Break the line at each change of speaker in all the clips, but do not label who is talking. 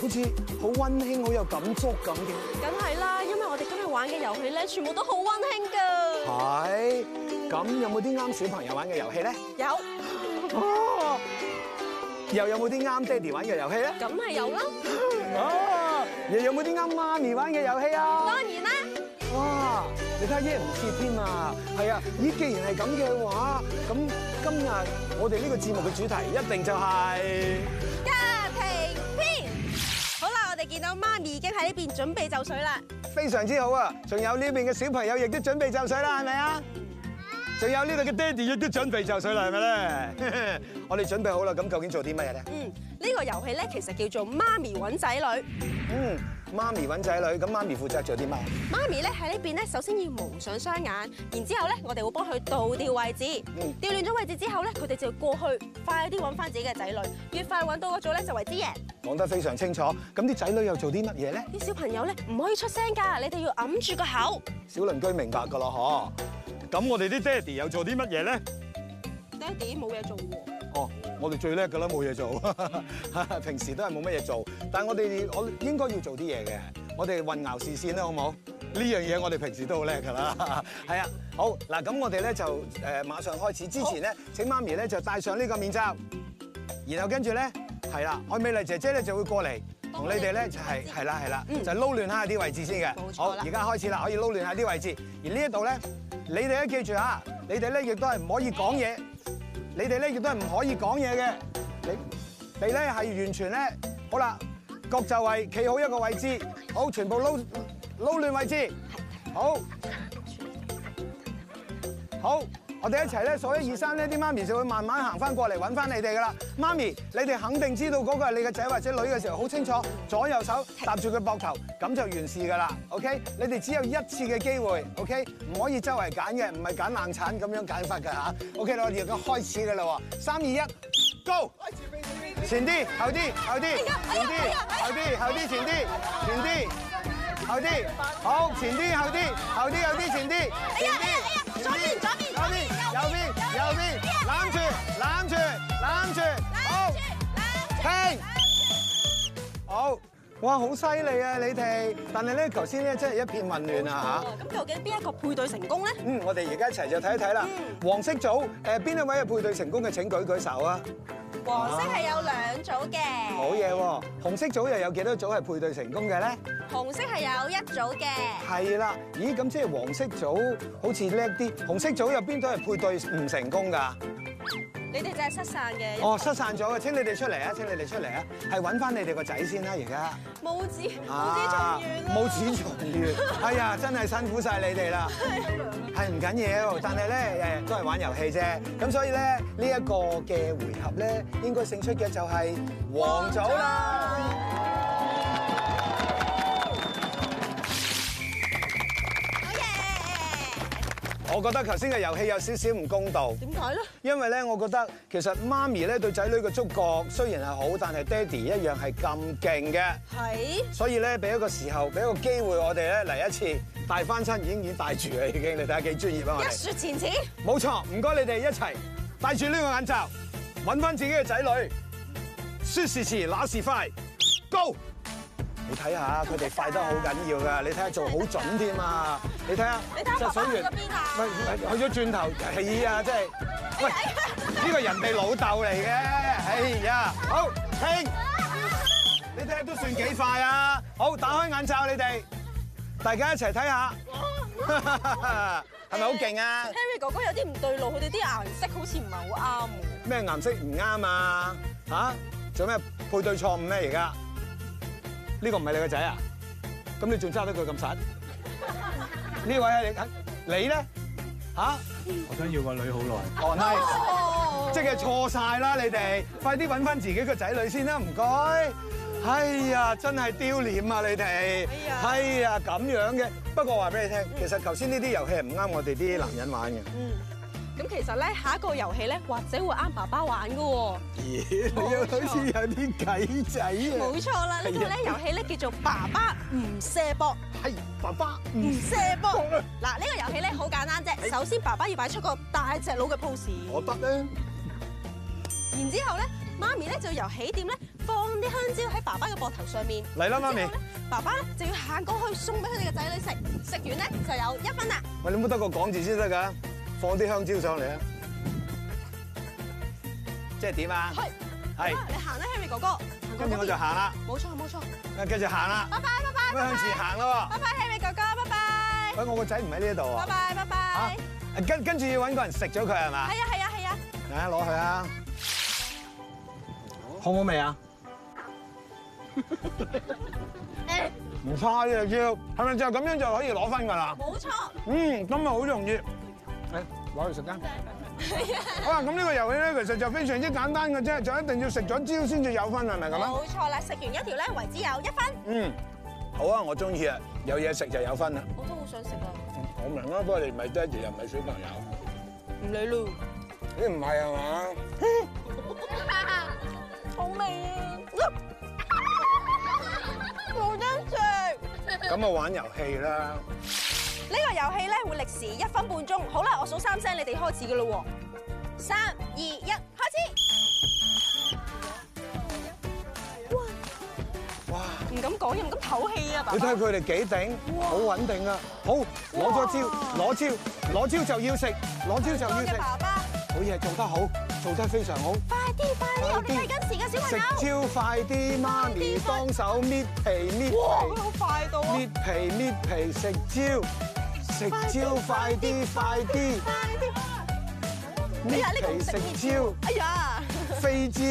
好似好温馨、好有感觸咁嘅，
梗係啦，因為我哋今日玩嘅遊戲咧，全部都好温馨㗎。係，
咁有冇啲啱小朋友玩嘅遊戲咧？
有、
啊。又有冇啲啱爹哋玩嘅遊戲咧？梗係有
啦。哦。又有冇啲
啱媽咪玩嘅遊戲然啊？當然啦。哇！你睇下應唔切添啊？係啊，咦，既然係咁嘅話，咁今日我哋呢個節目嘅主題一定就係、是。
你哋見到媽咪已經喺呢邊準備就緒啦，
非常之好啊！仲有呢邊嘅小朋友亦都準備就緒啦，係咪啊？仲有呢度嘅爹哋亦都準備就水啦，係咪咧？我哋準備好啦，咁究竟做啲乜嘢咧？嗯，
呢個遊戲咧其實叫做媽咪揾仔女。嗯，媽咪揾仔女，咁
媽咪負責做啲乜？
媽咪咧喺呢邊咧，首先要蒙上雙眼，然之後咧，我哋會幫佢倒掉位置。嗯，調亂咗位置之後咧，佢哋就要過去，快啲揾翻自己嘅仔女，越快揾多咗揾到嗰組咧就為之贏。
講得非常清楚。咁啲仔女又做啲乜嘢咧？
啲小朋友咧唔可以出聲噶，你哋要揞住個口。
小鄰居明白噶咯，嗬。咁我哋啲爹哋又做啲乜嘢咧？
爹哋冇嘢做
喎、哦。哦，我哋最叻噶啦，冇嘢做。嗯、 平時都係冇乜嘢做，但係我哋我應該要做啲嘢嘅。我哋混淆視線啦，好冇好？呢、嗯、樣嘢我哋平時都好叻噶啦。係、嗯、 啊，好嗱，咁我哋咧就誒馬上開始。之前咧，好 請媽咪咧就戴上呢個面罩，然後跟住咧係啦，愛美麗姐姐咧就會過嚟。同你哋咧就係，係啦係啦，嗯、就撈亂下啲位置先嘅。冇錯。好，而家開始啦，可以撈亂下啲位置。而呢一度咧，你哋咧記住吓，你哋咧亦都係唔可以講嘢。你哋咧亦都係唔可以講嘢嘅。你你咧係完全咧，好啦，各就位，企好一個位置。好，全部撈撈亂位置。好，好。好。我哋一齊咧，數一二三呢啲媽咪就會慢慢行翻過嚟揾翻你哋噶啦。媽咪，你哋肯定知道嗰個係你嘅仔或者女嘅時候，好清楚左右手搭住佢膊頭，咁就完事噶啦。OK，你哋只有一次嘅機會。OK，唔可以周圍揀嘅，唔係揀盲產咁樣揀法㗎吓。OK，我哋而家開始噶啦喎，三二一，Go！前啲，後啲，後啲，前啲，後啲，後啲，前啲，前啲，
後啲，
好，前啲，後啲，後啲，後啲，前啲，哎呀哎呀哎呀，右邊，右邊，攬住，oh，攬住，攬住，好，嘿，好。哇，好犀利啊！你哋，但係咧，頭先咧真係一片混亂啊嚇！咁究竟
邊一個配對成功咧？嗯，
我哋而家一齊就睇一睇啦。黃色組誒，邊兩位係配對成功嘅，請舉舉手啊！
黃色係有兩組嘅。好嘢！
紅色組又有幾多組係配對成功嘅咧？
紅色係有一組
嘅。係啦，咦，咁即係黃色組好似叻啲，紅色組有邊組係配對唔成功噶？你哋就係失散嘅，哦，失散咗嘅，請你哋出嚟啊！請你哋出嚟啊！係揾翻你哋個仔先啦，而家母子，母子重圓，母子重圓，哎呀，真係辛苦晒你哋啦，係啊，係唔緊要，但係咧誒，都係玩遊戲啫，咁所以咧呢一個嘅回合咧，應該勝出嘅就係王祖啦。我覺得頭先嘅遊戲有少少唔公道，為什麼？點解咧？因為咧，我覺得其實媽咪咧對仔女嘅觸覺雖然係好，但係爹哋一樣係咁勁嘅。
係。
所以咧，俾一個時候，俾一個機會我哋咧嚟一次大翻身已經已經帶住啦，已經。你睇下幾專業啊！一雪前恥。冇錯，唔該你哋一齊戴住呢個眼罩，揾翻自己嘅仔女。説時遲那時快，Go！你睇下佢哋快得好緊要㗎，你睇下做好準添啊！你睇下，你入
水完，喂去咗
轉頭，係 啊，即係。喂，呢個 人係老豆嚟嘅，哎呀、啊，好，停， 你睇都算幾快啊。好，打開眼罩，你哋，大家一齊睇下，係咪好勁啊？Harry
哥哥有啲唔對路，佢哋啲顏色好似唔係好啱。
咩顏色唔啱啊？吓，做咩配對錯誤咩？而家呢個唔係你個仔啊？咁你仲揸得佢咁實？呢位係你睇，你咧吓？啊、我想要個女好耐。哦，係，即係錯晒啦！你哋 快啲揾翻自己個仔女先啦，唔該。 哎呀，真係丟臉啊！你哋， 哎呀咁樣嘅。 不過話俾你聽，其實頭先呢啲遊戲係唔啱我哋啲男人玩嘅。
咁其實咧下一個遊戲咧，或者會啱爸爸玩噶
喎、啊 Yeah, 錯，又好似有啲計仔啊！冇錯啦，呀這個遊戲呢個咧遊戲
咧叫做爸爸唔射波，係爸爸唔射波。嗱、這個，呢個遊戲咧好簡單啫，是的 首先爸爸要擺出一個大隻佬嘅 pose，我得咧。然之後咧，媽咪咧就要由起點咧放啲香蕉喺爸爸嘅膊頭上面來，嚟啦媽咪後後呢，爸爸咧就要行過去送俾佢哋嘅仔女食，食完咧就有一分啦。
喂，你冇得個講字先得噶。放啲香蕉上嚟啊！即係點啊？係係。你行
啦，Henry 哥哥。跟住我就行啦。冇錯冇錯。啊，繼續行啦。拜拜拜拜。向前行咯。拜拜，Henry 哥哥，拜拜。喂，我
個仔唔喺呢度啊。拜
拜拜拜。
跟跟住要搵個人食咗佢係嘛？係啊係啊係啊。啊，攞去啊！好好味啊？唔差呢隻蕉，係咪就咁樣就可以攞分噶啦？冇錯。嗯，咁咪好容易。攞去食
啦！
好啊，咁呢個遊戲咧，其實就非常之簡單嘅啫，就一定要食咗蕉先至有分，係咪咁啊？冇
錯啦，食完一條咧為
止有一分。嗯，好啊，我中意啊，有嘢食就有分啦。我都好想食啊！我明啦，不過你唔係爹哋又唔係小朋友，唔理咯。你唔係啊嘛？好味啊！
冇得食。咁啊，玩
遊戲啦。
呢個遊戲咧會歷時一分半鐘，好啦，我數三聲，你哋開始嘅咯喎，三二一，開始！哇！唔敢講嘢，又唔敢透氣啊！你睇下
佢哋幾頂，好穩定啊！好，攞咗蕉，攞蕉，攞蕉就要食，攞蕉就要食。爸爸，好嘢，做得好，做得非常好！
快啲，快啲，我哋計緊時嘅小朋友。食蕉快
啲，媽咪幫手搣皮搣皮，好快到啊！搣皮搣皮食蕉。食蕉快啲，快啲！你、哎這個、啊？呢個食蕉？哎呀！
飛蕉！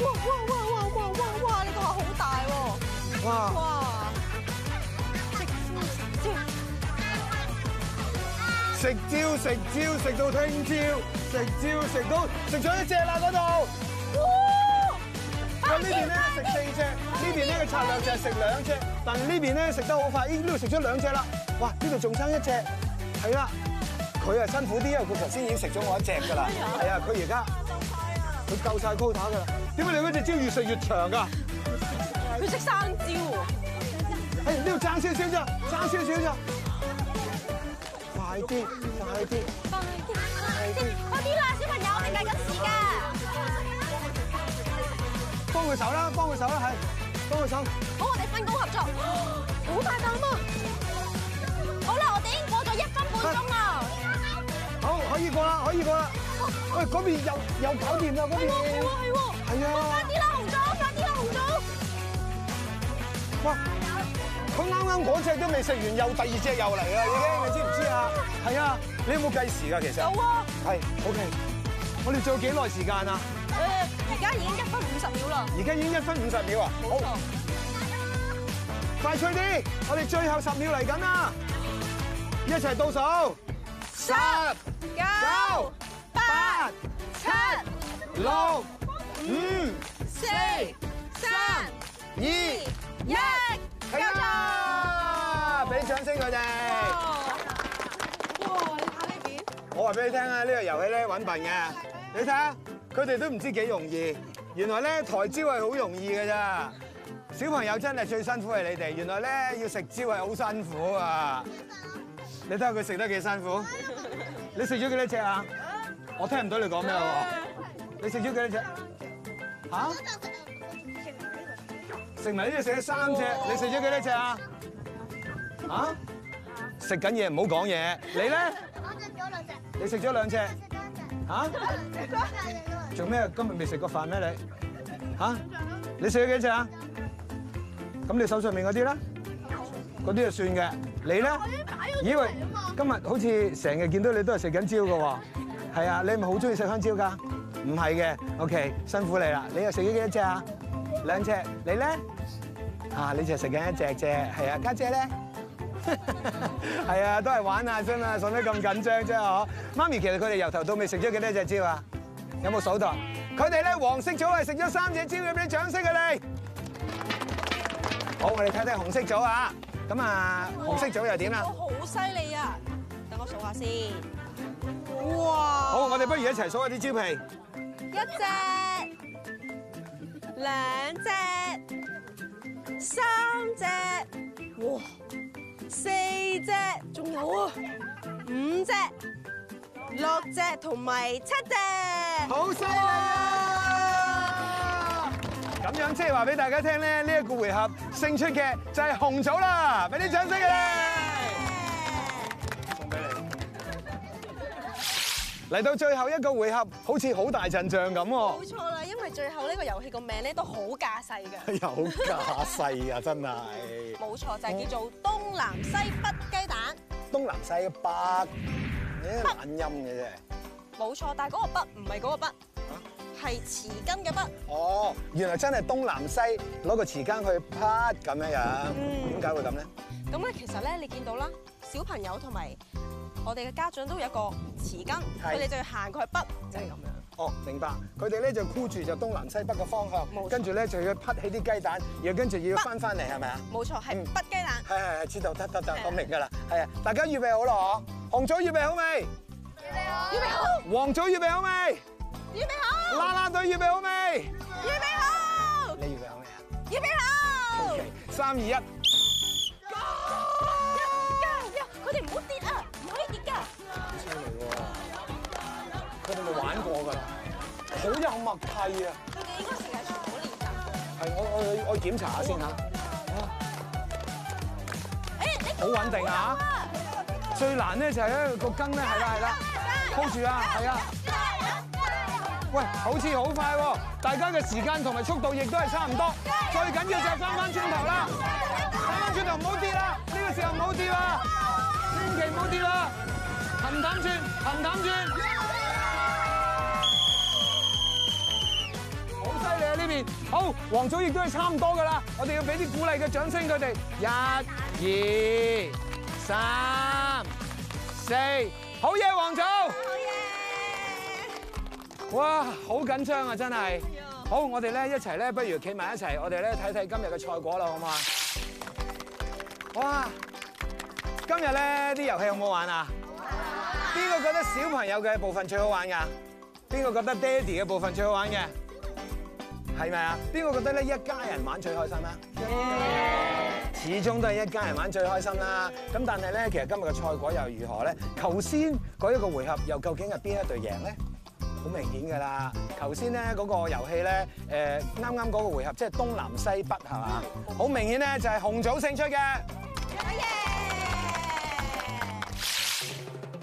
哇哇哇哇哇哇哇！你個話好大喎！哇！
食蕉食蕉食蕉食到聽朝，食蕉食到食咗一隻啦，嗰度。咁呢邊咧食四隻，呢邊呢個策略就係食兩隻，但係呢邊咧食得好快，呢度食咗兩隻啦，哇，呢度仲差一隻，係啦，佢係辛苦啲，因為佢頭先已經食咗我一隻噶啦，係啊，佢而家，佢夠晒 quota 噶啦，點解你嗰隻蕉越食越長噶？佢識生蕉，哎，你要爭少少咋，爭少少咋，快啲，快啲，快啲，快啲啦，小朋友，我哋計緊
時間。
幫佢手啦，幫佢手啦，係，幫佢手。
好，我哋分工合作，好大膽啊！好啦，我哋已經過咗一分半鐘啦。好，可以過啦，可以過啦。喂，嗰邊又又
搞掂啦，嗰邊。係喎，係喎。
係啊。快啲啦，紅棗，
快啲啦，紅棗。哇！佢啱啱嗰隻都未食完，又第二隻又嚟啦，已經，你知唔知啊？係啊。你有冇計時噶？其實。有啊。係，OK 我。我哋仲有幾耐時間啊？而家已經一分五十秒啦！而家已經一分五十秒啊！好，快脆啲，我哋最後十秒嚟緊啦！一齊倒數，十、九、八、七、六、五、四、三、二、一，係啦！俾掌聲佢哋。哇！你睇呢邊？我話俾你聽啊，呢個遊戲咧，搵笨嘅，你睇下！佢哋都唔知幾容易，原來咧抬蕉係好容易㗎。咋？小朋友真係最辛苦係你哋，原來咧要食蕉係好辛苦，看辛苦啊，啊！你睇下佢食得幾辛苦？你食咗幾多隻啊？我聽唔到你講咩啊。你食咗幾多隻？嚇？食埋呢隻食咗三隻，你食咗幾多隻啊？啊，食緊嘢唔好講嘢，你咧？我食咗兩隻，你食咗兩隻。嚇！做咩？今日未食過飯咩你？嚇！你食咗幾隻啊？咁你手上面嗰啲咧，嗰啲就算嘅。你咧？以為今日好似成日見到你都係食緊蕉㗎喎？係啊，你咪好中意食香蕉㗎？唔係嘅，OK，辛苦你啦。你又食咗幾多隻啊？兩隻。你咧？嚇，你就係食緊一隻啫。係啊，家姐咧。係 啊，都係玩下啫嘛，上得咁緊張啫？嗬！媽咪，其實佢哋由頭到尾食咗幾多隻蕉啊？有冇數到？佢哋咧黃色組係食咗三隻蕉有俾啲掌聲佢哋。好，我哋睇睇紅色組啊。咁啊，紅色組又點啊？
好犀利啊！等我數下
先。哇！好，我哋不如一齊數下啲蕉皮一隻。一隻，兩
隻，三隻。四隻，仲有五隻、六隻同埋七隻，好犀利啊！
咁樣即
係話俾大家聽咧，呢、這、一個回
合勝出嘅就係紅組啦，俾啲掌聲佢哋。嚟到最後一個回合，好似好大陣仗咁喎！冇
錯啦，因為最後呢個遊戲個名咧都好架勢嘅，
有架勢啊，真係！冇
錯，就係、是、叫做東南西北雞蛋。
東南西
北，乜、欸、
懶音嘅啫？
冇錯，但係嗰個北唔係嗰個北，係、啊、匙羹嘅北。
哦，原來真係東南西攞個匙羹去啪咁樣、嗯、為什麼樣，點解會咁咧？
咁咧，其實咧，你見到啦，小朋友同埋。我哋嘅家長都有一個匙羹，佢哋就要行過去筆，即係咁
樣。哦，明白。佢哋咧就箍住就東南西北嘅方向，跟住咧就要劈起啲雞蛋，然後跟住要翻翻嚟，係咪啊？冇錯，係擘雞蛋。係係係，知道得得得咁明㗎啦。係啊，大家預備好咯，紅棗預備好未？預
備好。預備好。
黃棗預備好未？
預備好。藍藍棗預備好未？預備好。你預備好未啊？預備好。OK，
三二一。好默契啊！你應該成日坐過練習。係，我我我檢查下先嚇。
好穩定啊！
最難咧就係咧個根咧，係啦係啦，hold 住啊，係啊！喂，好似好快喎！大家嘅時間同埋速度亦都係差唔多，最緊要就係翻翻轉頭啦！翻翻轉頭唔好跌啦！呢個時候唔好跌啦！千祈唔好跌啦！行膽轉，行膽轉。好，王祖亦都係差唔多噶啦，我哋要俾啲鼓勵嘅掌聲佢哋，一、二、三、四，好嘢，王祖！好嘢，好哇，好緊張啊，真係，好,好，我哋咧一齊咧，不如企埋一齊，我哋咧睇睇今日嘅賽果啦，好唔好啊？哇，今日咧啲遊戲好唔好玩啊？邊個覺得小朋友嘅部分最好玩噶？邊個覺得爹哋嘅部分最好玩嘅？係咪啊？邊個覺得咧一家人玩最開心啊
？Yeah.
始終都係一家人玩最開心啦。咁但係咧，其實今日嘅賽果又如何咧？頭先嗰一個回合又究竟係邊一隊贏咧？好明顯㗎啦。頭先咧嗰個遊戲咧，誒啱啱嗰個回合即係、就是、東南西北係嘛？好明顯咧就係紅組勝出嘅。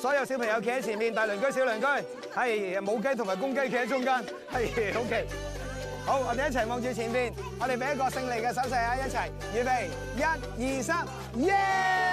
所有小朋友企喺前面，大鄰居小鄰居，係母雞同埋公雞企喺中間，係，OK，好，我哋一齊望住前面，我哋俾一個勝利嘅手勢啊，一齊，預備，一二三，耶、yeah！